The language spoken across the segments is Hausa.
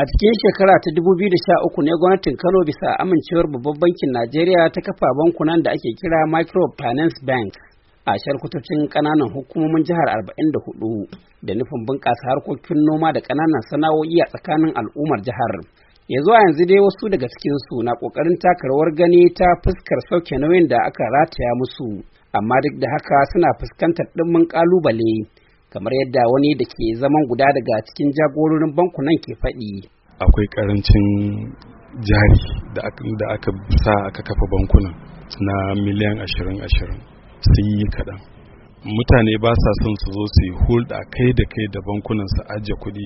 A cikin shekara ta 2013 ne gwamnatin Kano bisa amincewar babban bankin Najeriya ta kafa bankunan da ake kira Microfinance Bank a sharkutocin ƙananan hukumomin jihar 44 da nufin bunƙasa harkokin noma da ƙananan sana'o'i a tsakanin al'ummar jihar. ya a yanzu dai wasu daga cikinsu na ƙoƙarin takarwar gani ta fuskar sauke nauyin da aka rataya musu amma duk da haka suna fuskantar ɗimbin ƙalubale kamar yadda wani da ke zaman guda daga cikin jagororin bankunan ke faɗi. Akwai karancin jari da aka sa aka kafa bankuna na miliyan ashirin ashirin sun yi kaɗan. Mutane ba sa son su zo su yi hulɗa kai da kai da bankunan su ajiye kuɗi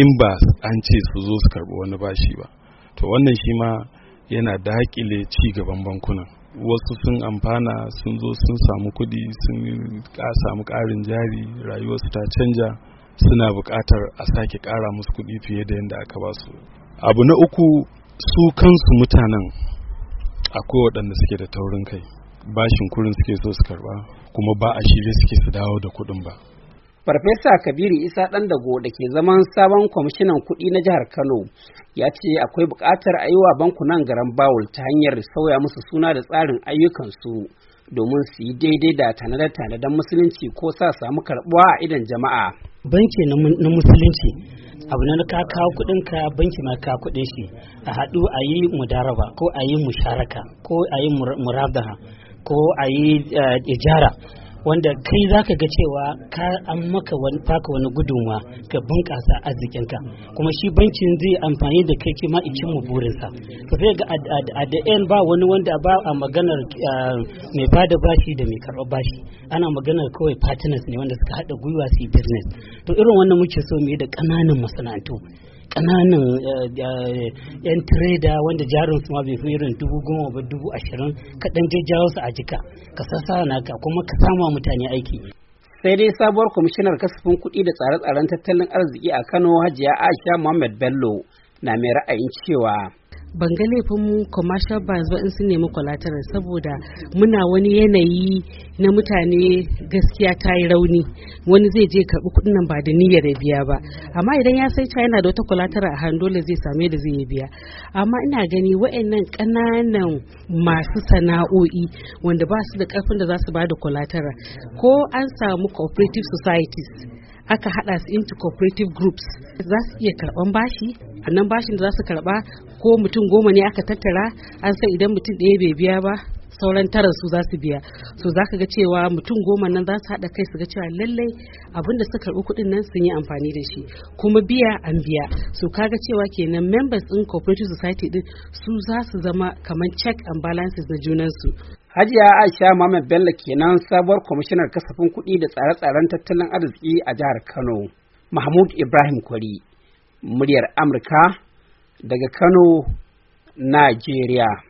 in ba an ce su zo su karɓi wani bashi ba. To wannan shi ma yana daƙile ci gaban bankunan. wasu sun amfana sun zo sun samu kudi sun samu karin jari rayuwarsu ta canja suna buƙatar a sake kara musu kudi fiye da yadda aka ba su abu na uku su kansu mutanen akwai waɗanda suke da taurin kai bashin kurin suke so su karba kuma ba a shirye suke su dawo da kuɗin ba Farfesa Kabiru Isa ɗan dago da ke zaman sabon kwamishinan kuɗi na jihar Kano ya ce akwai buƙatar a yi wa bankunan garan bawul ta hanyar sauya musu suna da tsarin ayyukansu domin su yi daidai da tanada-tanadan musulunci ko sa samu karɓuwa a idan jama'a. Banki na musulunci abu na ka kawo kuɗin ka banki ma ka kuɗin shi a haɗu a yi mudaraba ko a yi musharaka ko a yi murabaha ko a yi eh, ijara wanda kai za ka ga cewa ka an maka wani faka wani gudunwa ga bunƙasa arzikinka kuma shi bankin zai amfani da kai kima icin mu burinsa to sai ga a da end ba wani wanda ba a maganar ah, mai bada bashi da mai karɓar bashi ana maganar kawai partners ne wanda suka haɗa gwiwa su yi business to irin wannan muke so mu yi da ƙananan masana'antu Kananan eh, yan tireda wanda jarin su ma bai fi irin dubu goma ba dubu ashirin kaɗan jawo su a jika ka sassa naka kuma ka sama mutane aiki sai dai sabuwar kwamishinar kasafin kuɗi da tsare-tsaren tattalin arziki a kano hajiya aisha muhammad bello na mai ra'ayin cewa ban ga laifin commercial banks ba in sun nemi kwalatar saboda muna wani yanayi na mutane gaskiya ta yi rauni wani zai je karbi kuɗin nan ba da niyyar biya ba amma idan ya sai yana da wata kwalatar a hannu dole zai same da zai biya amma ina gani wa'annan ƙananan masu sana'o'i wanda ba su da ƙarfin da za su ba da kwalatar ko an samu cooperative societies aka hada su into cooperative groups za su iya karban bashi a nan bashin da za su karba ko mutum goma ne aka tattara an san idan mutum ɗaya bai biya ba sauran tara su za su biya so za ka ga cewa mutum goma nan za su haɗa kai su ga cewa lallai abin da suka karɓi kuɗin nan sun yi amfani da shi kuma biya an biya so ka ga cewa kenan members in cooperative society din su za su zama kamar check and balances na junansu Hajiya Aisha Muhammad Bello kenan sabuwar kwamishinar kasafin kuɗi da tsare-tsaren tattalin arziki a jihar Kano. Mahmud Ibrahim Kwari, muryar Amurka daga Kano, Najeriya.